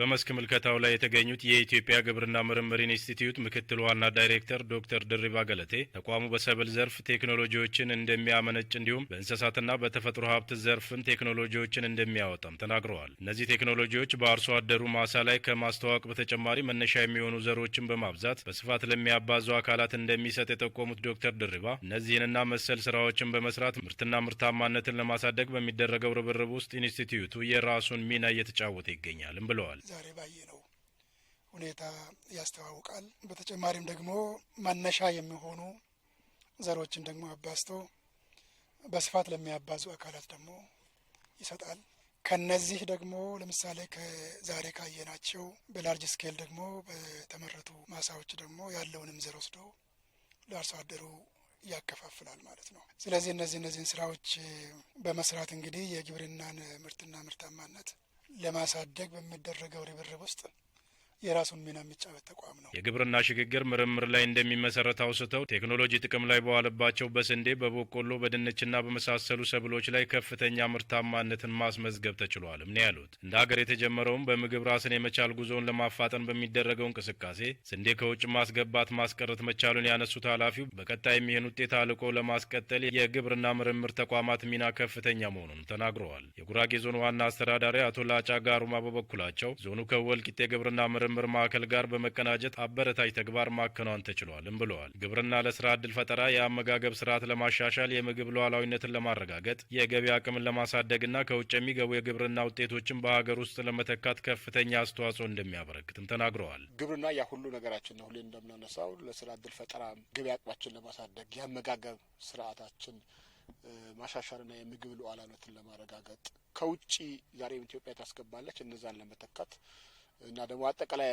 በመስክ ምልከታው ላይ የተገኙት የኢትዮጵያ ግብርና ምርምር ኢንስቲትዩት ምክትል ዋና ዳይሬክተር ዶክተር ድሪባ ገለቴ ተቋሙ በሰብል ዘርፍ ቴክኖሎጂዎችን እንደሚያመነጭ እንዲሁም በእንስሳትና በተፈጥሮ ሀብት ዘርፍም ቴክኖሎጂዎችን እንደሚያወጣም ተናግረዋል። እነዚህ ቴክኖሎጂዎች በአርሶ አደሩ ማሳ ላይ ከማስተዋወቅ በተጨማሪ መነሻ የሚሆኑ ዘሮችን በማብዛት በስፋት ለሚያባዙ አካላት እንደሚሰጥ የጠቆሙት ዶክተር ድሪባ እነዚህንና መሰል ስራዎችን በመስራት ምርትና ምርታማነትን ለማሳደግ በሚደረገው ርብርብ ውስጥ ኢንስቲትዩቱ የራሱን ሚና እየተጫወተ ይገኛልም ብለዋል። ዛሬ ነው ሁኔታ ያስተዋውቃል። በተጨማሪም ደግሞ መነሻ የሚሆኑ ዘሮችን ደግሞ አባዝቶ በስፋት ለሚያባዙ አካላት ደግሞ ይሰጣል። ከነዚህ ደግሞ ለምሳሌ ከዛሬ ካየናቸው በላርጅ ስኬል ደግሞ በተመረቱ ማሳዎች ደግሞ ያለውንም ዘር ወስዶ ለአርሶ አደሩ ያከፋፍላል ማለት ነው። ስለዚህ እነዚህ እነዚህን ስራዎች በመስራት እንግዲህ የግብርናን ምርትና ምርታማነት ለማሳደግ በሚደረገው ርብርብ ውስጥ የራሱን ሚና የሚጫወት ተቋም ነው። የግብርና ሽግግር ምርምር ላይ እንደሚመሰረት አውስተው ቴክኖሎጂ ጥቅም ላይ በዋለባቸው በስንዴ፣ በቦቆሎ፣ በድንችና በመሳሰሉ ሰብሎች ላይ ከፍተኛ ምርታማነትን ማስመዝገብ ተችሏልም ነው ያሉት። እንደ ሀገር የተጀመረውም በምግብ ራስን የመቻል ጉዞውን ለማፋጠን በሚደረገው እንቅስቃሴ ስንዴ ከውጭ ማስገባት ማስቀረት መቻሉን ያነሱት ኃላፊው በቀጣይ ይህን ውጤት አልቆ ለማስቀጠል የግብርና ምርምር ተቋማት ሚና ከፍተኛ መሆኑን ተናግረዋል። የጉራጌ ዞን ዋና አስተዳዳሪ አቶ ላጫ ጋሩማ በበኩላቸው ዞኑ ከወልቂጤ ግብርና ምርምር ምርምር ማዕከል ጋር በመቀናጀት አበረታች ተግባር ማከናወን ተችሏልም ብለዋል። ግብርና ለስራ ዕድል ፈጠራ፣ የአመጋገብ ስርዓት ለማሻሻል፣ የምግብ ሉዓላዊነትን ለማረጋገጥ፣ የገቢ አቅምን ለማሳደግና ከውጭ የሚገቡ የግብርና ውጤቶችን በሀገር ውስጥ ለመተካት ከፍተኛ አስተዋጽኦ እንደሚያበረክትም ተናግረዋል። ግብርና ያ ሁሉ ነገራችን ነው። ሁሌ እንደምናነሳው ለስራ ዕድል ፈጠራ፣ ገቢ አቅማችን ለማሳደግ፣ የአመጋገብ ስርዓታችን ማሻሻልና የምግብ ሉዓላዊነትን ለማረጋገጥ ከውጭ ዛሬም ኢትዮጵያ ታስገባለች እነዛን ለመተካት እና ደግሞ አጠቃላይ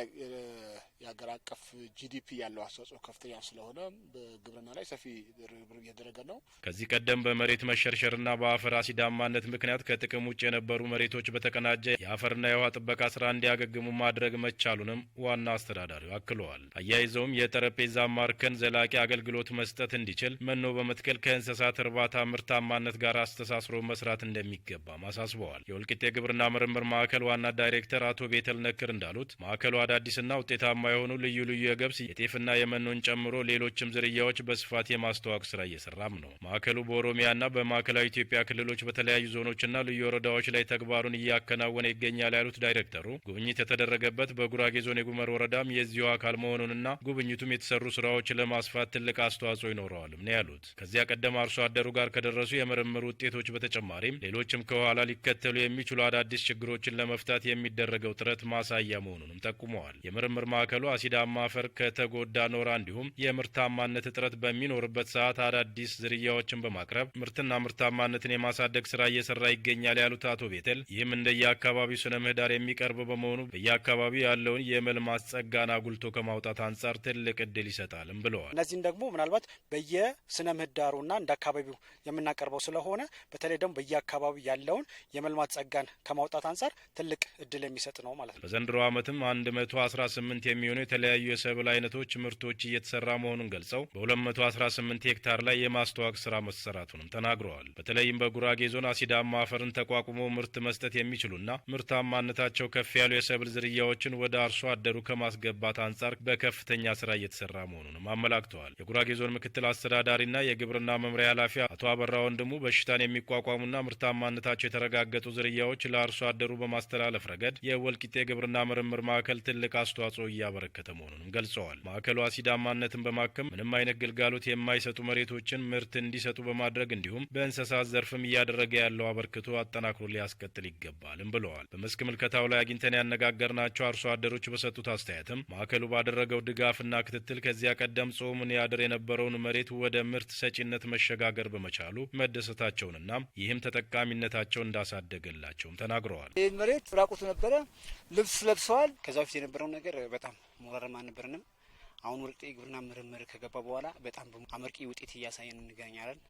የሀገር አቀፍ ጂዲፒ ያለው አስተዋጽኦ ከፍተኛ ስለሆነ በግብርና ላይ ሰፊ ርብር እየተደረገ ነው። ከዚህ ቀደም በመሬት መሸርሸርና በአፈር አሲዳማነት ምክንያት ከጥቅም ውጭ የነበሩ መሬቶች በተቀናጀ የአፈርና የውሃ ጥበቃ ስራ እንዲያገግሙ ማድረግ መቻሉንም ዋና አስተዳዳሪው አክለዋል። አያይዘውም የጠረጴዛ ማርከን ዘላቂ አገልግሎት መስጠት እንዲችል መኖ በመትከል ከእንስሳት እርባታ ምርታማነት ጋር አስተሳስሮ መስራት እንደሚገባም አሳስበዋል። የወልቂጤ ግብርና ምርምር ማዕከል ዋና ዳይሬክተር አቶ ቤተል ነክር እንዳሉት ማዕከሉ አዳዲስና ውጤታማ የሆኑ ልዩ ልዩ የገብስ የጤፍና የመኖን ጨምሮ ሌሎችም ዝርያዎች በስፋት የማስተዋወቅ ስራ እየሰራም ነው። ማዕከሉ በኦሮሚያና በማዕከላዊ ኢትዮጵያ ክልሎች በተለያዩ ዞኖችና ልዩ ወረዳዎች ላይ ተግባሩን እያከናወነ ይገኛል ያሉት ዳይሬክተሩ ጉብኝት የተደረገበት በጉራጌ ዞን የጉመር ወረዳም የዚሁ አካል መሆኑንና ጉብኝቱም የተሰሩ ስራዎች ለማስፋት ትልቅ አስተዋጽኦ ይኖረዋልም ነው ያሉት። ከዚያ ቀደም አርሶ አደሩ ጋር ከደረሱ የምርምር ውጤቶች በተጨማሪም ሌሎችም ከኋላ ሊከተሉ የሚችሉ አዳዲስ ችግሮችን ለመፍታት የሚደረገው ጥረት ማሳ ማሳያ መሆኑንም ጠቁመዋል። የምርምር ማዕከሉ አሲዳማ አፈር ከተጎዳ ኖራ እንዲሁም የምርታማነት እጥረት በሚኖርበት ሰዓት አዳዲስ ዝርያዎችን በማቅረብ ምርትና ምርታማነትን የማሳደግ ስራ እየሰራ ይገኛል ያሉት አቶ ቤተል ይህም እንደየአካባቢው ስነ ምህዳር የሚቀርብ በመሆኑ በየአካባቢው ያለውን የመልማት ጸጋን አጉልቶ ከማውጣት አንጻር ትልቅ እድል ይሰጣልም ብለዋል። እነዚህን ደግሞ ምናልባት በየስነ ምህዳሩና እንደ አካባቢው የምናቀርበው ስለሆነ በተለይ ደግሞ በየአካባቢው ያለውን የመልማት ጸጋን ከማውጣት አንጻር ትልቅ እድል የሚሰጥ ነው ማለት ነው። በዘንድሮው ዓመትም 118 የሚሆኑ የተለያዩ የሰብል አይነቶች ምርቶች እየተሰራ መሆኑን ገልጸው በ218 ሄክታር ላይ የማስተዋወቅ ስራ መሰራቱንም ተናግረዋል። በተለይም በጉራጌ ዞን አሲዳማ አፈርን ተቋቁሞ ምርት መስጠት የሚችሉና ምርታማነታቸው ከፍ ያሉ የሰብል ዝርያዎችን ወደ አርሶ አደሩ ከማስገባት አንጻር በከፍተኛ ስራ እየተሰራ መሆኑንም አመላክተዋል። የጉራጌ ዞን ምክትል አስተዳዳሪና የግብርና መምሪያ ኃላፊ አቶ አበራ ወንድሙ በሽታን የሚቋቋሙና ምርታማነታቸው የተረጋገጡ ዝርያዎች ለአርሶ አደሩ በማስተላለፍ ረገድ የወልቂጤ ግብርና ምርምር ማዕከል ትልቅ አስተዋጽኦ እያበረከተ መሆኑንም ገልጸዋል። ማዕከሉ አሲዳማነትን በማከም ምንም አይነት ግልጋሎት የማይሰጡ መሬቶችን ምርት እንዲሰጡ በማድረግ እንዲሁም በእንስሳት ዘርፍም እያደረገ ያለው አበርክቶ አጠናክሮ ሊያስቀጥል ይገባልም ብለዋል። በመስክ ምልከታው ላይ አግኝተን ያነጋገርናቸው አርሶ አደሮች በሰጡት አስተያየትም ማዕከሉ ባደረገው ድጋፍና ክትትል ከዚያ ቀደም ጾሙን ያድር የነበረውን መሬት ወደ ምርት ሰጪነት መሸጋገር በመቻሉ መደሰታቸውንና ይህም ተጠቃሚነታቸው እንዳሳደገላቸውም ተናግረዋል። ይህን መሬት ራቁት ነበረ ልብስ ለብሰዋል። ከዛ በፊት የነበረው ነገር በጣም ሞራርም አንብርንም አሁን ወርቅ ግብርና ምርምር ከገባ በኋላ በጣም አመርቂ ውጤት እያሳየን እንገኛለን።